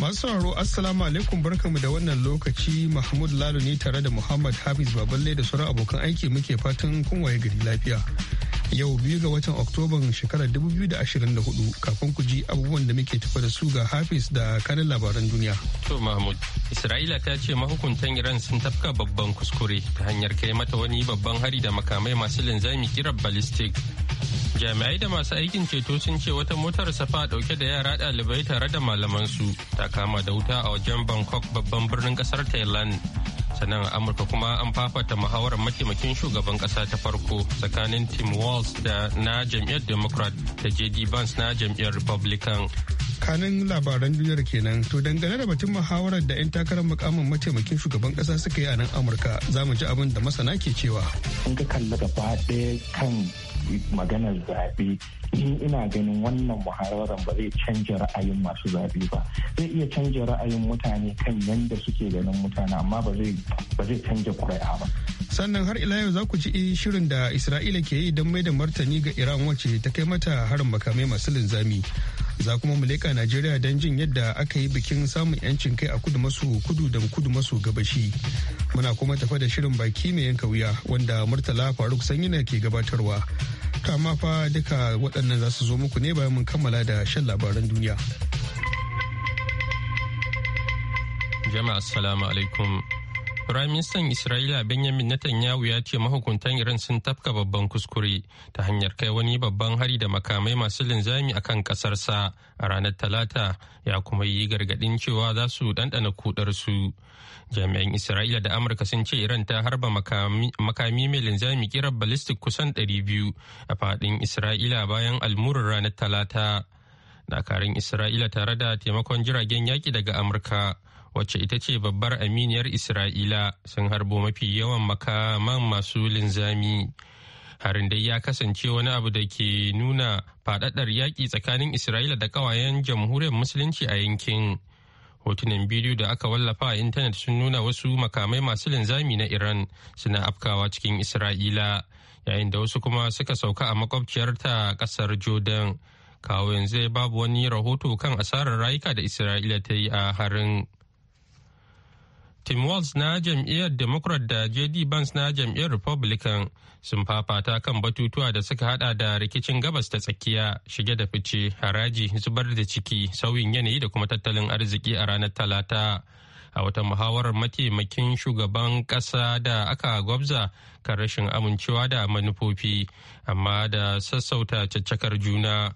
Masu sauraro Assalamu alaikum barkanmu da wannan lokaci Mahmud Lalo ne tare da Muhammad Hafiz Baballe da sauran abokan aiki muke fatan kun waye gari lafiya. Yau biyu ga watan Oktoban shekarar 2024 kafin ku ji abubuwan da muke tafa da su ga Hafiz da kanin labaran duniya. To Mahmud, Isra'ila ta ce mahukuntan Iran sun tafka babban kuskure ta hanyar kai mata wani babban hari da makamai masu linzami kiran ballistic jami'ai da masu aikin ceto sun ce wata motar safa dauke da yara dalibai tare da malamansu ta kama da wuta a wajen bangkok babban birnin kasar thailand sannan amurka kuma an fafata muhawarar mataimakin shugaban kasa ta farko tsakanin tim walz da na jam'iyyar democrat da jd vance na jam'iyyar republican kanin labaran duniyar kenan to dangane da batun muhawarar da 'yan takarar mukamin mataimakin shugaban kasa suka yi a nan amurka za mu ji abin da masana ke cewa an ga kalli gaba ɗaya kan maganar zaɓe in ina ganin wannan muhararan ba zai canja ra'ayin masu zaɓe ba zai iya canja ra'ayin mutane kan yadda suke ganin mutane amma ba zai canja kuri'a ba sannan har ila yau za ku ji shirin da isra'ila ke yi don mai da martani ga iran wacce ta kai mata harin makamai masu linzami za kuma mu leƙa najeriya don jin yadda aka yi bikin samun yancin kai a kudu maso kudu da kudu maso gabashi muna kuma tafa da shirin baki mai yanka wuya wanda murtala faruk sanyina ke gabatarwa Kama fa duka waɗannan za su zo muku ne bayan mun kammala da shan labaran duniya. Jama'a assalamu alaikum. Firaministan Isra'ila Benjamin Netanyahu ya ce mahukuntan Iran sun tafka babban kuskure ta hanyar kai wani babban hari da makamai masu linzami akan kasarsa a ranar Talata ya kuma yi gargadin cewa za su ɗanɗana kudarsu. Jami'an Isra'ila da Amurka sun ce Iran ta harba makami mai linzami kirar ballistic kusan 200 a faɗin Isra'ila bayan almurin ranar Talata. Dakarun Isra'ila tare da taimakon jiragen yaƙi daga Amurka. wacce ita ce babbar aminiyar isra'ila sun harbo mafi yawan makaman masu linzami harin dai ya kasance wani abu da ke nuna faɗaɗar yaƙi tsakanin isra'ila da ƙawayen jamhuriyar musulunci a yankin hotunan bidiyo da aka wallafa a intanet sun nuna wasu makamai masu linzami na iran suna afkawa cikin isra'ila yayin da wasu kuma suka sauka a makwabciyar ta ƙasar jordan kawo yanzu babu wani rahoto kan asarar rayuka da isra'ila ta yi a harin Tim Walz na jam'iyyar Democrat da J.D. Vance na jam'iyyar Republican sun fafata kan batutuwa da suka hada da rikicin gabas ta tsakiya, shige da fice, haraji, zubar da ciki, sauyin yanayi da kuma tattalin arziki a ranar Talata. A wata muhawarar mataimakin shugaban ƙasa da aka gwabza kan rashin amincewa da manufofi, amma da sassauta caccakar juna.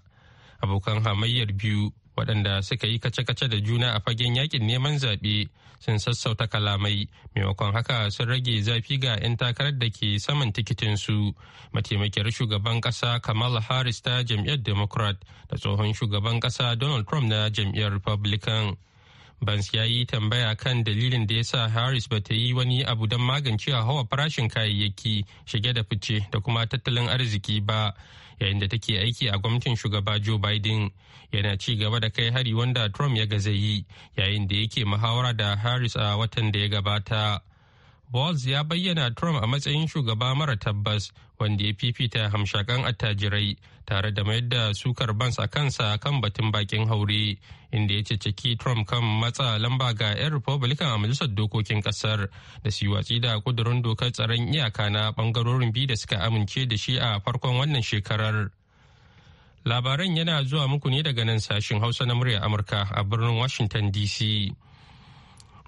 Abokan hamayyar biyu waɗanda suka yi kace-kace da juna a fagen yakin neman zaɓe sun sassauta kalamai maimakon haka sun rage zafi ga 'yan takarar da ke saman tikitinsu mataimakiyar shugaban kasa kamala harris ta jam'iyyar democrat da tsohon shugaban kasa donald trump na jam'iyyar republican Bans ya yi tambaya kan dalilin da ya sa Harris ba ta yi wani abu don magance hawa farashin kayayyaki shige da fice da kuma tattalin arziki ba yayin da take aiki a gwamnatin shugaba Joe Biden yana ci gaba da kai hari wanda Trump ya gaza yi yayin da yake muhawara da Harris a watan da ya gabata. Walz ya bayyana Trump a matsayin shugaba mara tabbas wanda ya fifita hamshakan attajirai tare da mayar da sukar bans a kansa kan batun bakin haure inda ya ceceki Trump kan matsa lamba ga 'yan Republican a majalisar dokokin kasar da su watsi da kudurin dokar tsaron iyaka na bangarorin biyu da suka amince da shi a farkon wannan shekarar. Labaran yana zuwa muku ne daga nan sashin Hausa na murya Amurka a birnin Washington DC.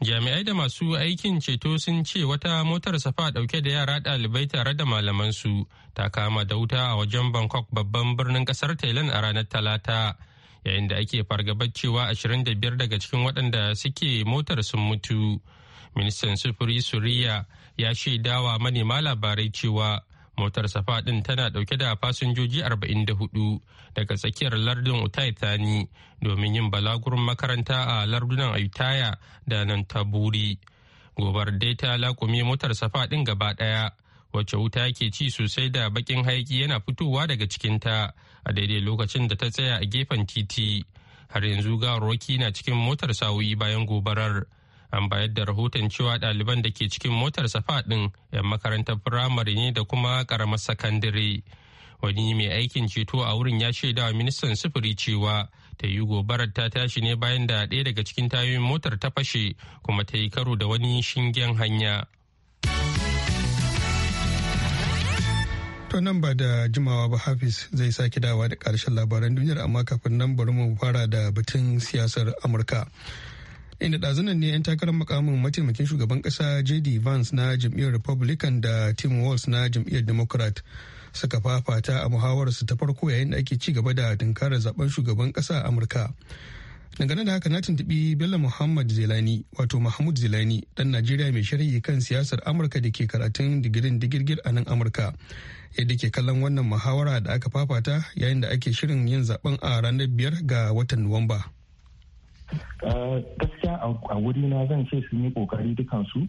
jami'ai da masu aikin ceto sun ce wata motar safa dauke da yara ɗalibai tare da malamansu ta kama da wuta a wajen bangkok babban birnin kasar thailand a ranar talata yayin da ake fargabar cewa 25 daga cikin waɗanda suke motar sun mutu ministan sufuri suriya ya shaidawa manema labarai cewa motar safa ɗin tana ɗauke da fasinjoji 44 daga tsakiyar lardin tani domin yin balagurin makaranta a lardunan ayutaya da nan taburi gobar dai ta lakumi motar safa ɗin gaba ɗaya wacce wuta ke ci sosai da bakin haiki yana fitowa daga cikinta a daidai lokacin da ta tsaya a gefen titi har yanzu ga gawarwaki na cikin motar sa'o'i bayan gobarar an bayar da rahoton cewa ɗaliban da ke cikin motar safa ɗin 'yan makarantar firamare ne da kuma ƙaramar sakandare wani mai aikin ceto a wurin ya shaida wa ministan sufuri cewa ta yi gobarar ta tashi ne bayan da ɗaya daga cikin tayoyin motar ta fashe kuma ta yi karo da wani shingen hanya To nan ba da jimawa ba Hafiz zai sake dawa da ƙarshen labaran duniyar amma kafin nan bari mu fara da batun siyasar Amurka. inda ɗazunan ne 'yan takarar makamin mataimakin shugaban ƙasa jd vance na jam'iyyar republican da tim walz na jam'iyyar democrat suka fafata a muhawararsu ta farko yayin da ake ci gaba da tunkarar zaben shugaban ƙasa a amurka dangane da haka na tuntubi bello muhammad zelani wato mahmud zelani dan najeriya mai sharhi kan siyasar amurka da ke karatun digirin digirgir a nan amurka yadda ke kallon wannan muhawara da aka fafata yayin da ake shirin yin zaben a ranar biyar ga watan nuwamba Eh, gaskiya a wuri na zan ce sun yi kokari dukansu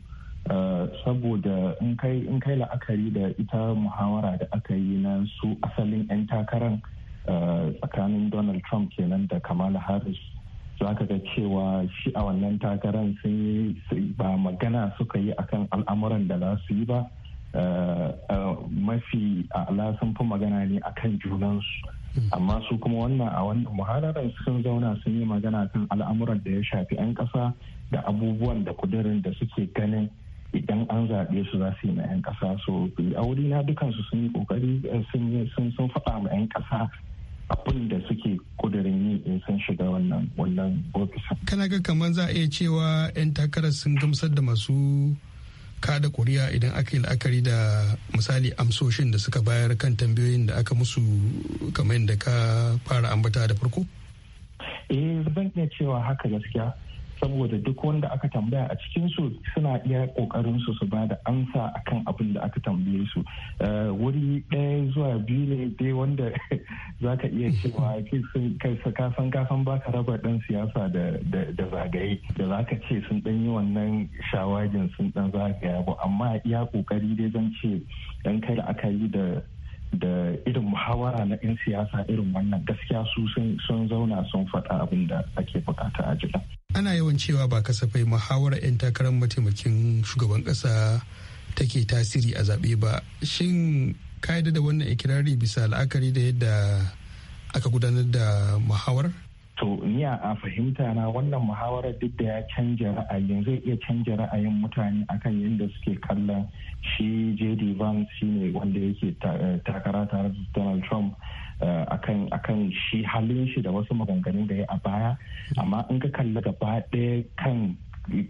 eh, saboda in kai la'akari da ita muhawara da aka yi na su asalin 'yan takarar eh, tsakanin donald trump kenan da kamala harris za ka ga cewa shi a wannan takarar sun yi ba magana suka yi akan al'amuran da za su yi ba Eh, eh, mafi ala sun fi magana ne a kan junansu hmm. amma su kuma wannan a wannan muhararar sun zauna sun yi magana kan al'amuran da ya shafi 'yan ƙasa da abubuwan da kudirin da suke ganin idan an zaɓe su za su yi na 'yan ƙasa so a wuri na dukansu sun yi ƙoƙari eh, sun faɗa ma 'yan ƙasa abin da suke kudirin yi in sun shiga wannan wannan ofisin. kana ga kamar za a iya cewa 'yan takarar sun gamsar da masu kada kuri'a idan aka yi la'akari da misali amsoshin da suka bayar kan tambayoyin da aka musu kamar yadda ka fara ambata da farko? eh zan iya cewa haka gaskiya saboda duk wanda aka tambaya a cikin su suna iya kokarin su ba da amsa akan abin da aka tambaye su eh, wuri ɗaya zuwa biyu ne dai wanda zaka iya cewa kasan kasan ba ka raba dan siyasa da da zagaye da za ka ce sun dan yi wannan shawagin sun ɗan zagaya ba amma iya kokari dai zan ce dan kai da aka yi da da irin muhawara na 'yan siyasa irin wannan gaskiya su sun zauna sun faɗa abin da ake bukata a jira. ana yawan cewa ba kasafai muhawarar 'yan takarar mataimakin shugaban kasa take tasiri a zaɓe ba shin ka'ida da wannan ikirari bisa la'akari da yadda aka gudanar da muhawarar to ni a fahimta na wannan muhawarar duk da ya canja ra'ayin zai iya canja ra'ayin mutane akan yadda suke kallon shi jd vance shine wanda yake eh, takara tare da donald trump Eh, akan kan shi halin shi da wasu maganganun da ya a baya amma in ka kalli gaba ɗaya kan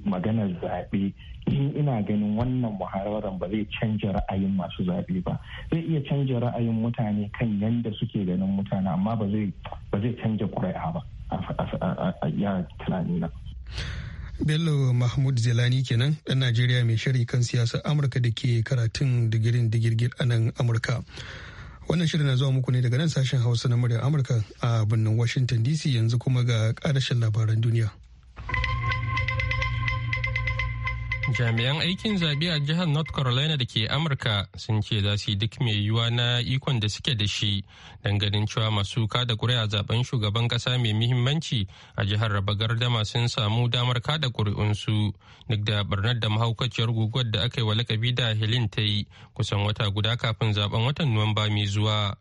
maganar zaɓe in ina ganin wannan muhararan ba zai canja ra'ayin masu zaɓe ba zai iya canja ra'ayin mutane kan yadda suke ganin mutane amma ba zai canja ƙuri'a ba a ya tunani na. Bello Mahmud Zelani kenan dan Najeriya mai shari kan siyasar Amurka da ke karatun digirin digirgir a nan Amurka. Wannan shirin na zuwa muku ne daga nan sashen Hausa na muryar Amurka a birnin Washington DC yanzu kuma ga ƙarashin labaran duniya. jami'an aikin zabi a jihar north carolina da ke amurka sun ce za su yi duk mai yiwuwa na ikon da suke da shi ganin cewa masu kada kuri'a zaben shugaban kasa mai muhimmanci a jihar raba gardama sun samu damar kada kuri'unsu duk da barnar da mahaukaciyar guguwar da aka yi wa lakabi da helin ta yi kusan wata guda kafin zaben watan nuwamba mai zuwa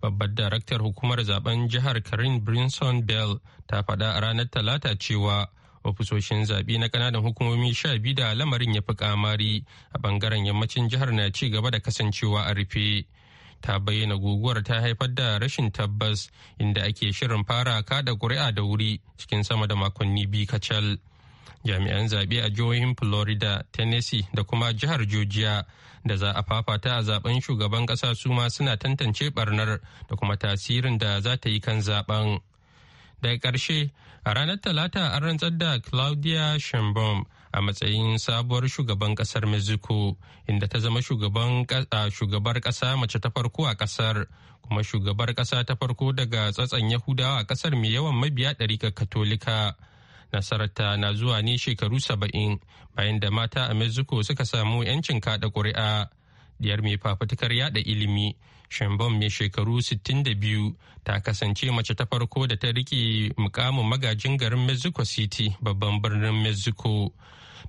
babbar daraktar hukumar zaben jihar karin brinson bell ta faɗa a ranar talata cewa ofisoshin zaɓe na ƙananan hukumomi sha biyu da lamarin ya fi kamari a ɓangaren yammacin jihar na ci gaba da kasancewa a rufe ta bayyana guguwar ta haifar da rashin tabbas inda ake shirin fara kada ƙuri'a da wuri cikin sama da makonni biyu kacal jami'an zaɓe a jihohin florida tennessee da kuma jihar georgia da za a fafata a zaben shugaban ƙasa su suna tantance barnar da kuma tasirin da za ta yi kan zaben. daga ƙarshe a ranar talata an rantsar da claudia sheinbaum a matsayin sabuwar shugaban ƙasar mexico inda ta zama shugabar ƙasa mace ta farko a ƙasar kuma shugabar ƙasa ta farko daga tsatsan yahudawa a ƙasar mai yawan mabiya ga katolika nasararta na zuwa ne shekaru saba'in bayan da mata a mexico suka samu 'yancin kaɗa ƙuri'a diyar mai fafutukar yaɗa ilimi Shambon mai shekaru 62 ta kasance mace ta farko da ta rike mukamin magajin garin Mexico City babban birnin Mexico.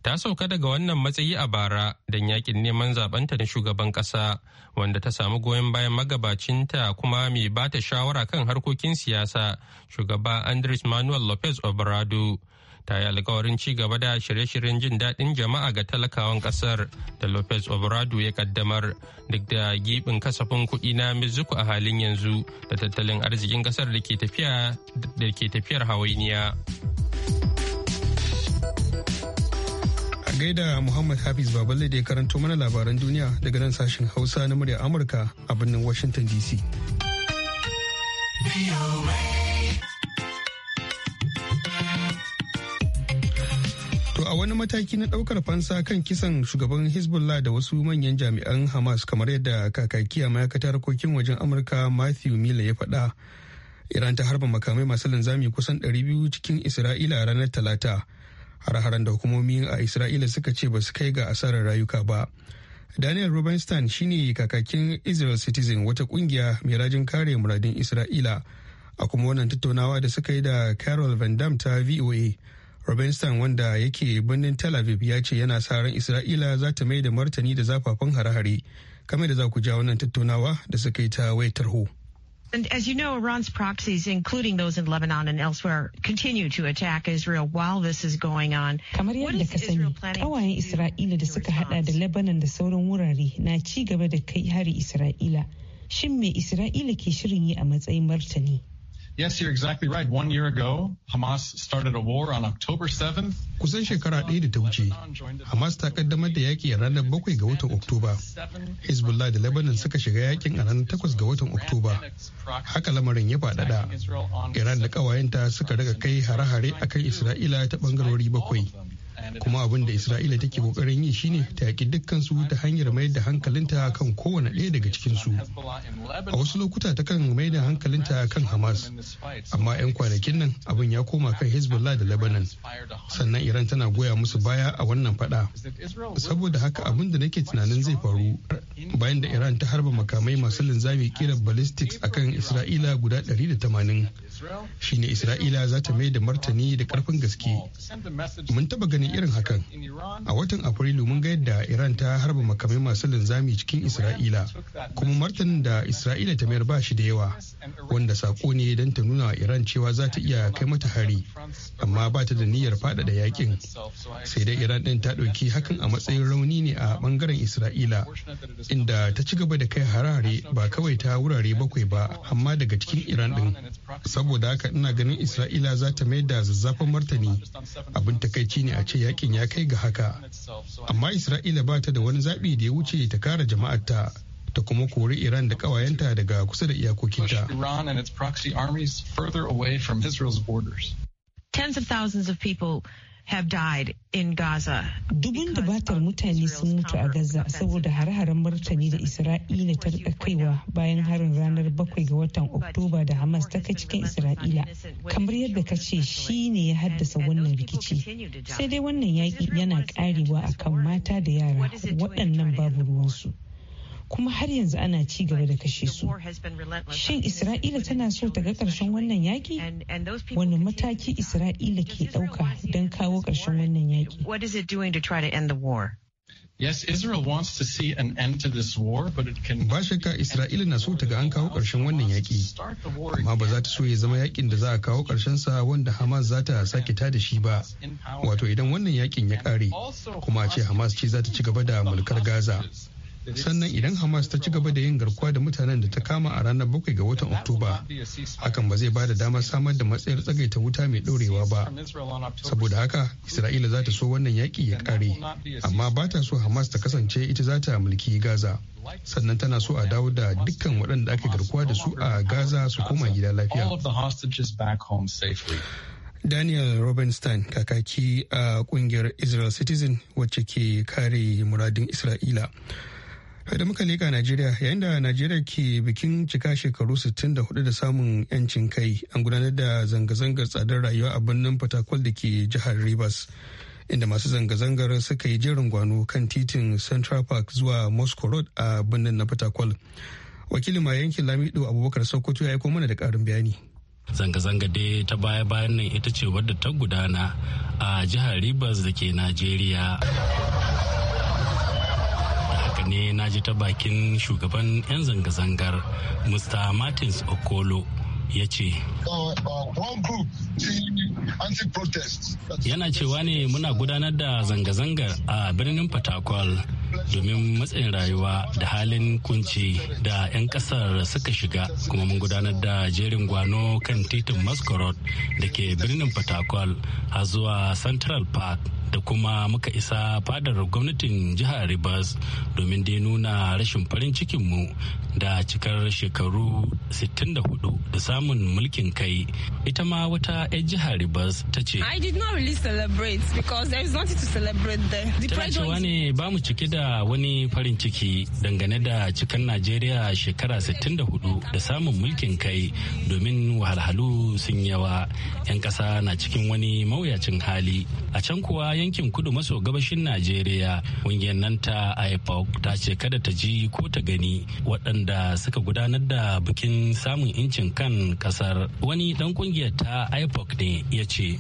Ta sauka daga wannan matsayi a bara don yakin neman zabanta na shugaban ƙasa, wanda ta samu goyon bayan magabacinta kuma mai ba ta shawara kan harkokin siyasa shugaba Andres Manuel Lopez Obrador. ta yi alkawarin ci gaba da shirye-shiryen jin daɗin jama'a ga talakawan ƙasar da lopez obrado ya kaddamar duk da gibin kasafin kuɗi na mizuku a halin yanzu da tattalin arzikin ƙasar da ke tafiyar hawainiya a gaida muhammad hafiz baballe da ya karanto mana labaran duniya daga nan sashen hausa na murya amurka a birnin washington dc a wani mataki na daukar fansa kan kisan shugaban hezbollah da wasu manyan jami'an hamas kamar yadda kakaki a ma'aikatar harkokin wajen amurka matthew miller ya faɗa iran ta harba makamai masu linzami kusan 200 cikin isra'ila a ranar talata har-haren da hukumomi a isra'ila suka ce ba su kai ga asarar rayuka ba daniel rubenstein shine kakakin israel citizen wata kungiya mai rajin kare muradin isra'ila a kuma wannan tattaunawa da suka yi da carol van dam ta voa Robinson wanda yake birnin Tel Aviv ya ce yana sa ran Isra'ila za ta mai da martani da zafafan hare-hare kamar da za ku ja wannan tattaunawa da suka yi ta wayar tarho. And as you know, Iran's proxies, including those in Lebanon and elsewhere, continue to attack Israel while this is going on. Kamar yadda ka sani, kawayen Isra'ila da suka hada da Lebanon da sauran wurare na ci gaba da kai hari Isra'ila. Shin me Isra'ila ke shirin yi a matsayin martani? Yes, you're exactly right. One year ago, Hamas started a war on October 7th. Kusan shekara ɗaya da ta wuce, Hamas ta kaddamar da yaƙi a ranar bakwai ga watan Oktoba. Hezbollah da Lebanon suka shiga yaƙin a ranar takwas ga watan Oktoba. Haka lamarin ya faɗaɗa. Iran da ƙawayenta suka daga kai hare-hare akan Isra'ila ta bangarori bakwai. kuma abin da isra'ila take kokarin yi shine ta yaki dukkansu ta hanyar mai da hankalinta kan kowane ɗaya daga cikinsu a wasu lokuta ta kan mai da hankalinta kan hamas amma 'yan kwanakin nan abin ya koma kan hezbollah da lebanon sannan iran tana goya musu baya a wannan fada saboda haka abin da nake tunanin zai faru bayan da iran ta harba makamai masu linzami kira ballistics akan isra'ila guda 180 shine isra'ila za ta mai da martani da karfin gaske mun taba ganin ganin irin hakan a watan afrilu mun ga yadda iran ta harba makamai masu linzami cikin isra'ila kuma martanin da isra'ila ta mayar bashi da yawa wanda sako ne don ta nuna wa iran cewa za ta iya kai mata hari amma ba ta da niyyar faɗaɗa yakin sai dai iran ɗin ta ɗauki hakan a matsayin rauni ne a ɓangaren isra'ila inda ta ci gaba da kai harare ba kawai ta wurare bakwai ba amma daga cikin iran ɗin saboda haka ina ganin isra'ila za ta mayar da zazzafan martani abin takaici ne a wuce yakin ya kai ga haka amma isra'ila ba ta da wani zaɓi da ya wuce ta kara jama'arta ta kuma kori iran da ƙawayenta daga kusa da iyakokinta Tens of thousands of people have died in Gaza. Dubun dubatar mutane sun mutu a Gaza saboda hare-haren martani da Isra'ila ta rika kaiwa bayan harin ranar bakwai ga watan Oktoba da Hamas ta kai cikin Isra'ila. Kamar yadda ka ce shi ne ya haddasa wannan rikici. Sai dai wannan yaƙi yana ƙarewa akan mata da yara waɗannan babu ruwansu. kuma har yanzu ana ci gaba da kashe su. Shin Isra'ila tana so ta ga ƙarshen wannan yaki? Wani mataki Isra'ila ke ɗauka don kawo ƙarshen wannan yaki? Ba shakka Isra'ila na so ta ga an kawo ƙarshen wannan yaƙi. Amma ba za ta so ya zama yaƙin da za a kawo ƙarshen sa wanda Hamas za ta sake tada shi ba. Wato idan wannan yaƙin ya ƙare, kuma a ce Hamas ce za ta ci gaba da mulkar Gaza. sannan idan hamas ta ci gaba da yin garkuwa da mutanen da ta kama a ranar bakwai ga watan oktoba hakan ba zai ba da damar samar da matsayar tsagaita wuta mai ɗorewa ba saboda haka isra'ila za ta so wannan yaƙi ya ƙare amma ba ta so hamas ta kasance ita za ta mulki gaza sannan tana so a dawo da dukkan waɗanda ake garkuwa da su a gaza su koma gida lafiya Daniel Robinstein kakaki a kungiyar Israel Citizen wacce ke kare muradin Isra'ila. da muka leka najeriya yayin da najeriya ke bikin cika shekaru 64 da samun yancin kai an gudanar da zanga-zangar tsadar rayuwa a birnin fatakwal da ke jihar rivers inda masu zanga-zangar suka yi jerin gwano kan titin central park zuwa moscow road a birnin na fatakwal wakilin ma yankin lamido abubakar sokoto ya aiko mana da karin bayani zanga-zanga dai ta baya-bayan nan ita ce wadda ta gudana a jihar Rivers da ke Najeriya. ne na ji ta bakin shugaban 'yan zanga-zangar mr martins okolo ya ce yana cewa ne muna gudanar da zanga-zangar a birnin fatakwal domin matsayin rayuwa da halin kunci da 'yan kasar suka shiga kuma mun gudanar da jerin gwano kan titin maskorod da ke birnin fatakwal a zuwa central park da kuma muka isa fadar gwamnatin jihar Rivers domin dai nuna rashin farin cikinmu da cikar shekaru 64 da samun mulkin kai. Ita ma wata 'yan jihar Rivers ta ce. I did not really celebrate because there is nothing to celebrate there. cewa ne ba mu cike da wani farin ciki dangane da cikar Najeriya shekara 64 da samun mulkin kai domin wahalhalu sun yawa 'yan ƙasa na cikin wani mawuyacin hali. A can kuwa yankin kudu maso gabashin najeriya ƙungiyar nan ta ipoc ta ce kada ta ji ko ta gani waɗanda suka gudanar da bikin samun incin kan kasar wani dan ƙungiyar ta ipoc ne ya ce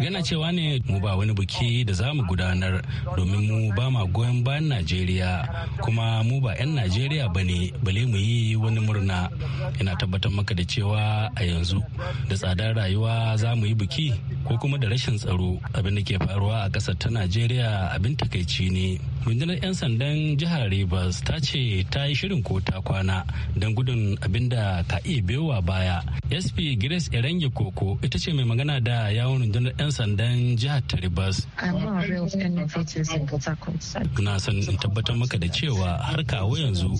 yana cewa ne mu ba wani biki da za mu gudanar domin mu ba ma goyon bayan najeriya kuma mu ba 'yan najeriya ba ne bale mu yi wani murna yana tabbatar maka da cewa a yanzu da tsadar rayuwa cewa za mu yi biki ko kuma da rashin tsaro abin da ke faruwa a ƙasar ta najeriya abin takaici ne rundunar 'yan sandan jihar rivers ta ce ta yi shirin ko ta kwana don gudun abin da ka iya biyowa baya sp grace erenge koko ita ce mai magana da yawon rundunar 'yan sandan jihar ta rivers na son in tabbatar maka da cewa har kawo yanzu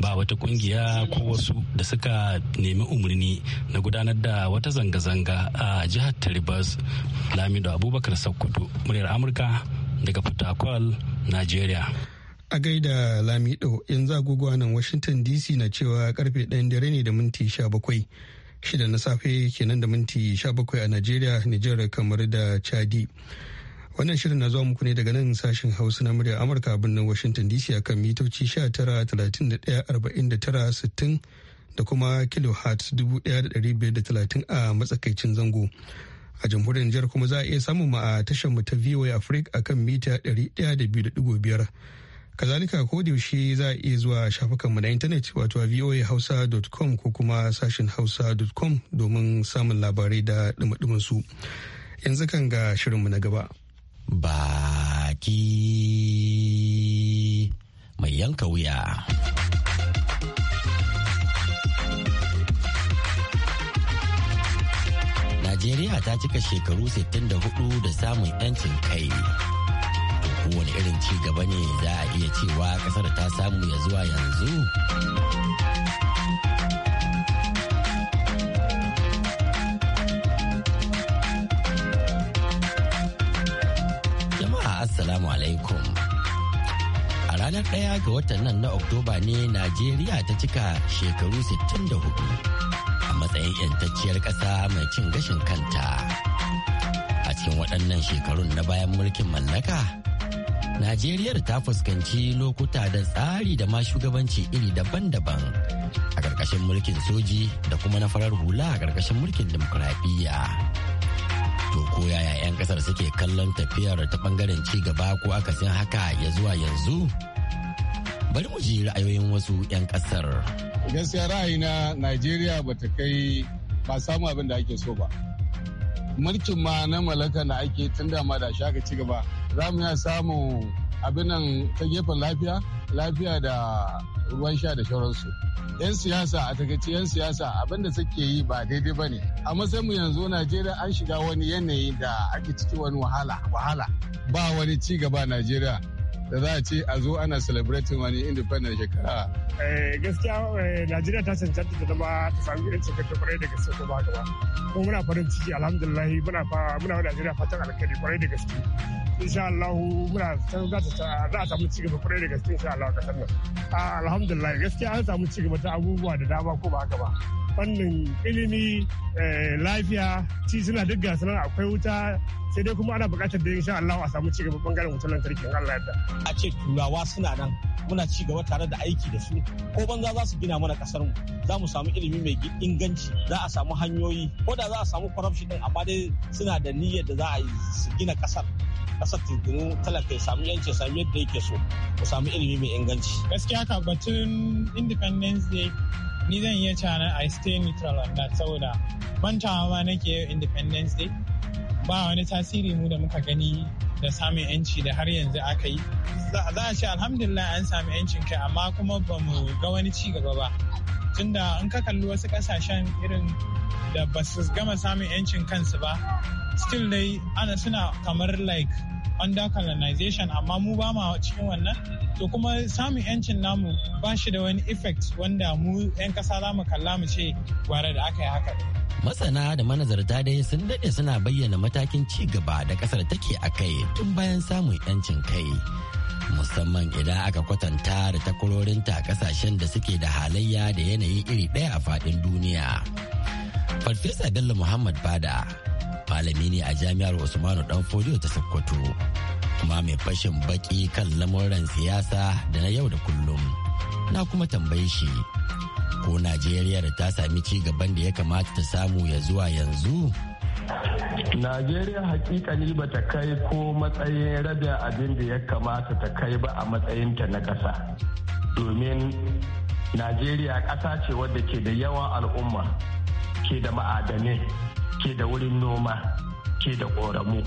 ba wata kungiya ko wasu da suka nemi umarni na gudanar da wata zanga-zanga a jihar taribas lamido abubakar sokoto muryar amurka daga fatakwal nigeria a gaida lamido yanzu agogo nan washington dc na cewa karfe 1 dare ne da minti 17 shida na safe kenan da minti 17 a nigeria nijar kamar da chadi wannan shirin na zuwa muku ne daga nan sashen hausa na murya amurka birnin washington dc akan mitoci 19 31 49 60 da kuma kilohertz 1530 a matsakaicin zango. A jamhuriyar Nijar kuma za a iya samun mu a tashar mu ta VOA Africa a kan mita 102.5. Kazalika ko da yaushe za a iya zuwa shafukan mu na intanet wato a voahausa.com ko kuma sashin hausa.com domin samun labarai da dumadumin su. Yanzu kan ga shirin mu na gaba. Baki mai yanka wuya. najeriya ta cika shekaru 64 da samun 'yancin kai kowane irin ci gaba ne za a iya cewa kasar ta samu ya zuwa yanzu jama'a assalamu alaikum a ranar ɗaya ga watan nan na oktoba ne najeriya ta cika shekaru 64 matsayin 'yantacciyar ƙasa mai cin gashin kanta. A cikin waɗannan shekarun na bayan mulkin mallaka, Najeriyar ta fuskanci lokuta da tsari da ma shugabanci iri daban-daban a ƙarƙashin mulkin soji da kuma na farar hula a ƙarƙashin mulkin demokuraɗiyya To ko yaya 'yan ƙasar suke kallon tafiyar ta ɓangaren ci gaba ko akasin haka ya zuwa yanzu? bari mu ji ra'ayoyin wasu 'yan kasar gaskiya ra'ayina najeriya ba ta kai ba samu abin da ake so ba mulkin ma na mallaka na ake tun da ma da shaka ci gaba za mu ya samu abin nan ta gefen lafiya lafiya da ruwan sha da shauransu 'yan siyasa a takaici 'yan siyasa abinda suke yi ba daidai ba ne a matsayin mu yanzu najeriya an shiga wani yanayi da ake ciki wani wahala wahala ba wani ci gaba najeriya da za a ce a zo ana celebrating wani independent shekara. Eh, gaskiya eh, Najeriya ta cancanta da zama ta sami irin cikakken kwarai da gaske ko ba gaba. Kuma muna farin ciki alhamdulillah muna muna Najeriya fatan alkali kwarai da gaske. Insha Allah muna za ta za a samu cigaba kwarai da gaske insha Allah kasar nan. Ah, alhamdulillah gaskiya an samu cigaba ta abubuwa da dama ko ba gaba. fannin ilimi eh, lafiya ci suna duk ga nan akwai wuta sai dai kuma ana buƙatar da insha Allah a samu cigaba bangaren wutar lantarki Allah yadda a ce turawa suna nan muna ci gaba tare da aiki da su ko banza za su gina mana kasar mu za mu samu ilimi mai inganci za a samu hanyoyi ko da za a samu corruption din amma dai suna da niyyar da za a yi su gina kasar kasar tuntunu talaka ya samu yanci samu yadda yake so mu samu ilimi mai inganci gaskiya ka batun independence day ni zan iya cana i stay neutral on that saboda mantawa ma nake independence day ba wani tasiri mu da muka gani da samun yanci da har yanzu aka yi za a ce alhamdulillah an sami yancin kai amma kuma ba mu ga wani ci gaba ba tunda in ka kalli wasu kasashen irin da ba su gama samun yancin kansu ba still dai ana suna kamar like under colonization amma mu ba ma cikin wannan to kuma samun yancin namu ba shi da wani effect wanda mu 'yan kasa za mu kalla mu ce gwara da aka yi haka masana da manazarta dai sun daɗe suna bayyana matakin ci gaba da ƙasar take a kai tun bayan samun yancin kai musamman idan aka kwatanta da takwarorinta a kasashen da suke da halayya da yanayi iri ɗaya a faɗin duniya. Farfesa Bello Muhammad Bada malami ne a jami'ar Usmanu Fodio ta Sokoto kuma mai fashin baki kan lamuran siyasa da na yau da kullum. Na kuma tambaye shi ko Najeriya da ta sami ci gaban da ya kamata ta samu ya zuwa yanzu. Najeriya hakikani ba ta kai ko matsayin rabin abin da ya kamata ta kai ba a matsayinta na ƙasa. Domin Najeriya ƙasa ce wadda ke da yawan al'umma, ke da ma'adanai, ke da wurin noma, ke da ƙoramu.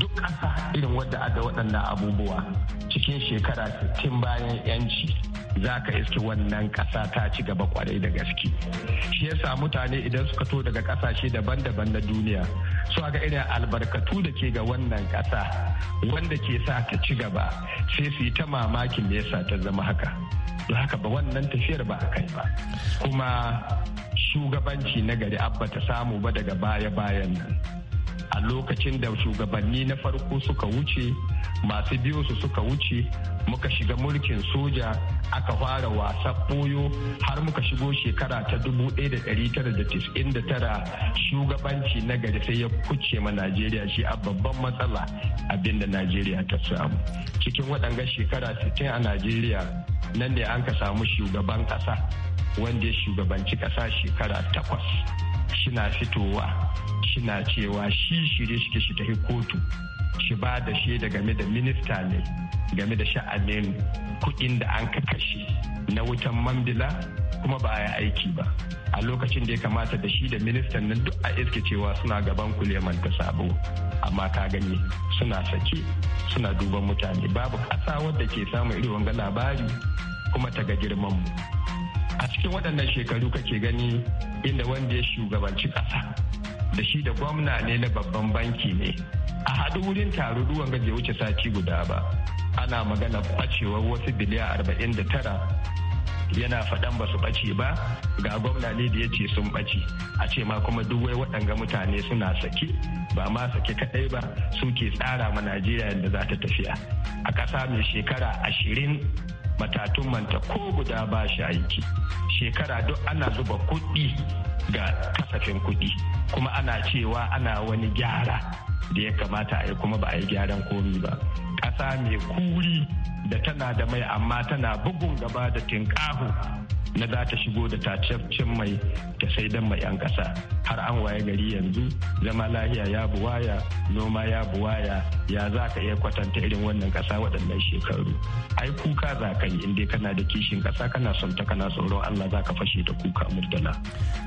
Duk ƙasa irin wadda ada waɗannan abubuwa cikin shekara 60 bayan 'yanci. za ka iski wannan ƙasa ta ci gaba kwarai da gaske shi yasa mutane idan suka to daga ƙasashe daban-daban na duniya su ga irin albarkatu da ke ga wannan ƙasa wanda ke sa ta ci gaba sai su yi ta mamakin da yasa ta zama haka da haka ba wannan tafiyar ba a kai ba kuma shugabanci nagari abba ta samu ba daga baya-bayan nan a lokacin da shugabanni na farko suka wuce masu biyu su suka wuce muka shiga mulkin soja aka fara wasa boyo har muka shigo shekara ta 1999 shugabanci na gari sai ya kuce ma najeriya shi a babban matsala abinda najeriya ta samu cikin waɗanga shekara 60 a najeriya nan ne an ka samu shugaban ƙasa wanda ya shugabanci ƙasa shekara takwas shina fitowa shina cewa shi shirye shike shi tafi kotu shi ba da shaida game da minista ne game da sha'anin kudin da an ka kashe na wutan mambila kuma ba a aiki ba a lokacin da ya kamata da shi da ministan nan duk a iske cewa suna gaban kuleman ta sabo amma ka gani suna sake suna duban mutane babu kasa wadda ke samun irin wanga labari kuma ta ga girman mu a cikin waɗannan shekaru kake gani inda wanda ya shugabanci ƙasa da shi da gwamna ne na babban banki ne a haɗu wurin taro duwan gaje wuce sati guda ba ana magana ɓacewar wasu biliya arba'in da tara yana faɗan ba su ɓace ba ga gwamna ne da ya ce sun ɓace a ce ma kuma duk wai waɗanga mutane suna sake ba ma sake kaɗai ba suke tsara ma najeriya yadda za ta tafiya a ƙasa mai shekara ashirin matatun manta ko guda ba shi aiki shekara duk ana zuba kuɗi ga kasafin kuɗi kuma ana cewa ana wani gyara da ya kamata a yi kuma ba a yi gyaran komi ba ƙasa mai kuri da tana da mai amma tana bugun gaba da tinƙahu na za ta shigo da tacen mai ta sai dan mai 'yan ƙasa har an waye gari yanzu zama lahiya ya buwaya noma ya buwaya ya za ka iya kwatanta irin wannan kasa waɗannan shekaru ai kuka za ka yi inda kana da kishin kasa kana son ta kana tsoron allah za ka fashe da kuka murtala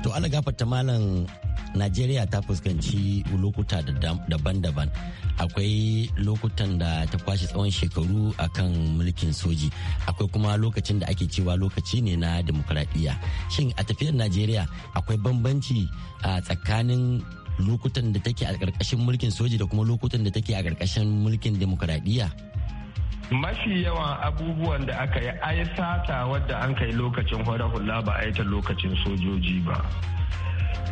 to ana gafarta malam najeriya ta fuskanci lokuta daban-daban akwai lokutan da ta kwashe tsawon shekaru akan mulkin soji akwai kuma lokacin da ake cewa lokaci ne na demokuraɗiyya shin a tafiyar najeriya akwai bambanci a tsakanin lokutan da take a ƙarƙashin mulkin soji da kuma lokutan da take a ƙarƙashin mulkin demokuraɗiyya mafi yawan abubuwan da aka yi ai sata wadda an kai lokacin hula ba a yi ta lokacin sojoji ba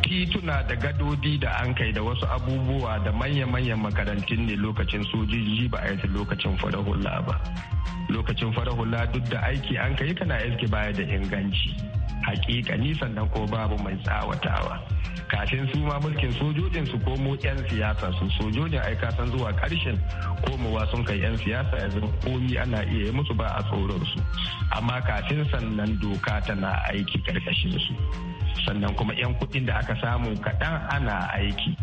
tituna da gadodi da an kai da wasu abubuwa da manya-manyan makarantun ne lokacin sojoji ba a yi lokacin farahulla ba lokacin farahulla duk da aiki an kai kana iske baya da inganci hakika ni sannan ko babu mai tsawatawa kafin su ma mulkin sojojin su komo 'yan siyasa su sojojin ai san zuwa karshen komowa sun kai 'yan siyasa yanzu komi ana iya yi musu ba a tsoron su amma kafin sannan doka tana aiki karkashin su sannan kuma 'yan kuɗin da aka samu kaɗan ana aiki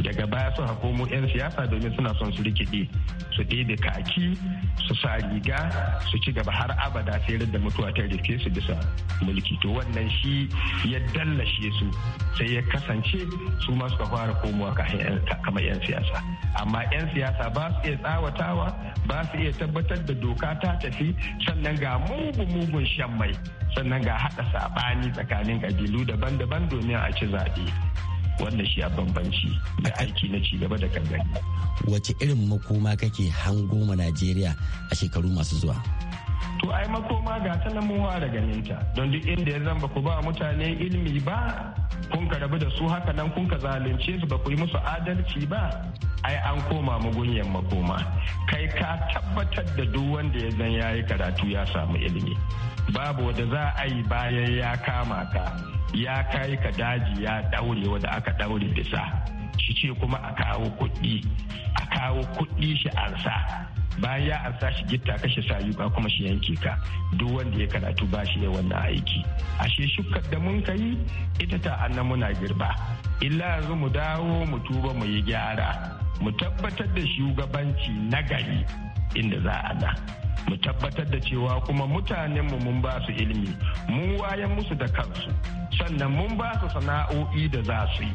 daga baya sun komo 'yan siyasa domin suna son su rikide su ɗebe kaki su sa riga su ci gaba har abada sai da mutuwa ta rufe su bisa mulki to wannan shi ya dallashe su sai ya kasance su masu suka fara komowa kamar 'yan siyasa amma 'yan siyasa ba su iya tsawatawa ba su iya tabbatar da doka ta tafi sannan ga mugun mugun shan mai sannan ga haɗa saɓani tsakanin ƙabilu daban-daban domin a ci zaɓe wannan shi a bambanci da aiki na ci gaba da kallon wace irin makoma kake hango ma najeriya a shekaru masu zuwa to ai makoma ga ta nan muwa da ganinta don duk inda ya zamba ku ba mutane ilimi ba kun ka rabu da su haka nan kun ka zalunce su ba ku yi musu adalci ba ai an koma mugunyan makoma kai ka tabbatar da duk wanda ya zan yayi karatu ya samu ilimi babu wanda za a yi bayan ya kama ka ya kai ka daji ya daure wanda aka daure bisa shi ce kuma a kawo kuɗi a kawo kuɗi shi ansa bayan ya ansa shi gitta kashe sayu ba kuma shi yanke ka duk wanda ya karatu ba shi ya wannan aiki ashe shukar da mun kai ita ta annan muna girba illa yanzu mu dawo mu tuba mu yi gyara mu tabbatar da shugabanci nagari inda za a da mu tabbatar da cewa kuma mutanenmu mun ba su ilimi mun wayan musu da kansu sannan mun ba su sana'o'i da za su yi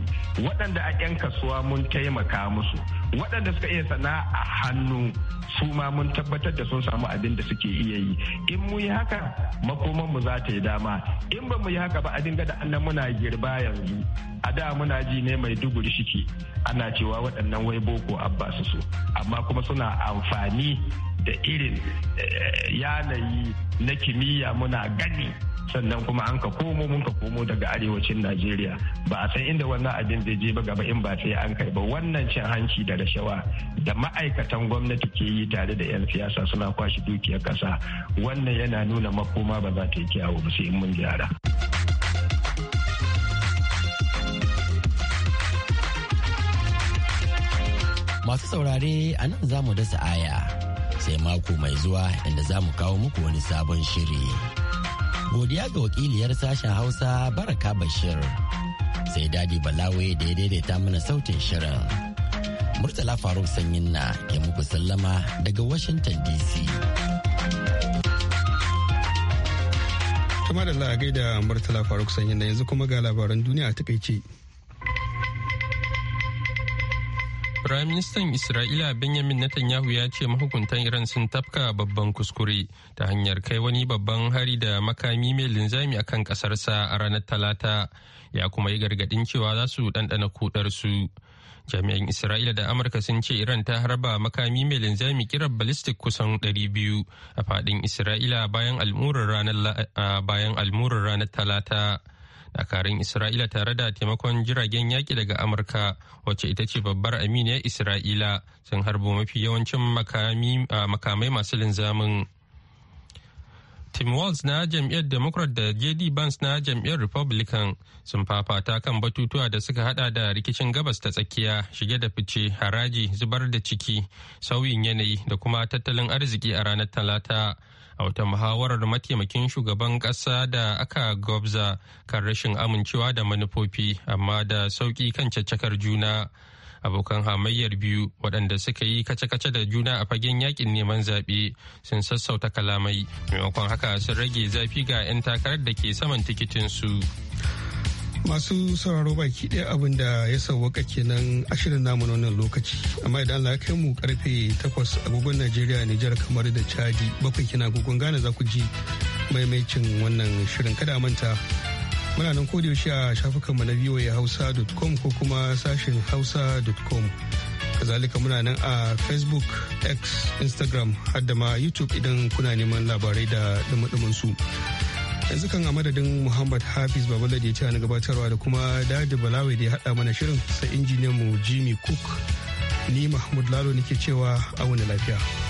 waɗanda a 'yan kasuwa mun taimaka musu waɗanda suka iya sana'a hannu su ma mun tabbatar da sun samu abin da suke iya yi in mu yi haka makoman mu za ta yi dama in ba mu yi haka ba a dinga da annan muna girba yanzu a da muna ji ne mai duguri shiki ana cewa waɗannan wai boko abba su so amma kuma suna amfani da irin eh, yanayi na kimiyya muna gani sannan kuma an ka komo mun ka komo daga arewacin najeriya ba a san inda wannan abin zai je ba gaba in ba sai an kai ba wannan cin hanci da rashawa da ma'aikatan gwamnati ke yi tare da 'yan siyasa suna kwashe dukiyar kasa wannan yana nuna makoma ba za ta yi kyawu ba sai mun gyara. Masu saurare a nan za mu dasa aya sai mako mai zuwa inda za mu kawo muku wani sabon shiri. godiya ga wakiliyar sashen hausa baraka bashir sai dadi balawe da ya daidaita mana sautin shirin murtala faruk sanyin na ke muku sallama daga washington dc kamar da gaida murtala faruk sanyin na yanzu kuma ga labaran duniya a takaice Firaministan Isra'ila Benjamin Netanyahu ya ce mahukuntan Iran sun tafka babban kuskure ta hanyar kai wani babban hari da makami mai linzami akan kasarsa a ranar Talata ya kuma yi gargadin cewa za su ɗanɗana kudarsu. Jami'an Isra'ila da Amurka sun ce Iran ta harba makami mai linzami kiran ballistic kusan 200 a faɗin Isra'ila bayan almurar ranar Talata. dakarun isra'ila tare da taimakon jiragen yaki daga amurka wacce ita ce babbar aminiyar isra'ila sun harbo mafi yawancin makamai masu linzamin tim walz na jam'iyyar democrat da jd vance na jam'iyyar republican sun fafata kan batutuwa da suka hada da rikicin gabas ta tsakiya shige da fice haraji zubar da ciki sauyin yanayi da kuma tattalin arziki a ranar talata a wata muhawarar mataimakin shugaban ƙasa da aka gwabza kan rashin amincewa da manufofi amma da sauƙi kan caccakar juna abokan hamayyar biyu waɗanda suka yi kace-kace da juna a fagen yakin neman zaɓe sun sassauta kalamai maimakon haka sun rage zafi ga 'yan takarar da ke saman tikitinsu. su masu sauraro baki ɗaya abin da ya sauwaka kenan ashirin namu wannan lokaci amma idan Allah ya kai mu karfe takwas agogon Najeriya Nijar kamar da Chadi bakwai kina agogon Ghana za ku ji maimaicin wannan shirin kada manta muna nan ko yaushe a shafukanmu na voahausa.com ko kuma sashin hausa.com kazalika muna nan a facebook x instagram har da ma youtube idan kuna neman labarai da dumadumin su yanzu kan a madadin muhammad hafiz babala da ya ce na gabatarwa da kuma dadi balawe da ya hada mana shirin sai injiniyan mu jimmy cook ni mahmud lalo nake cewa a wani lafiya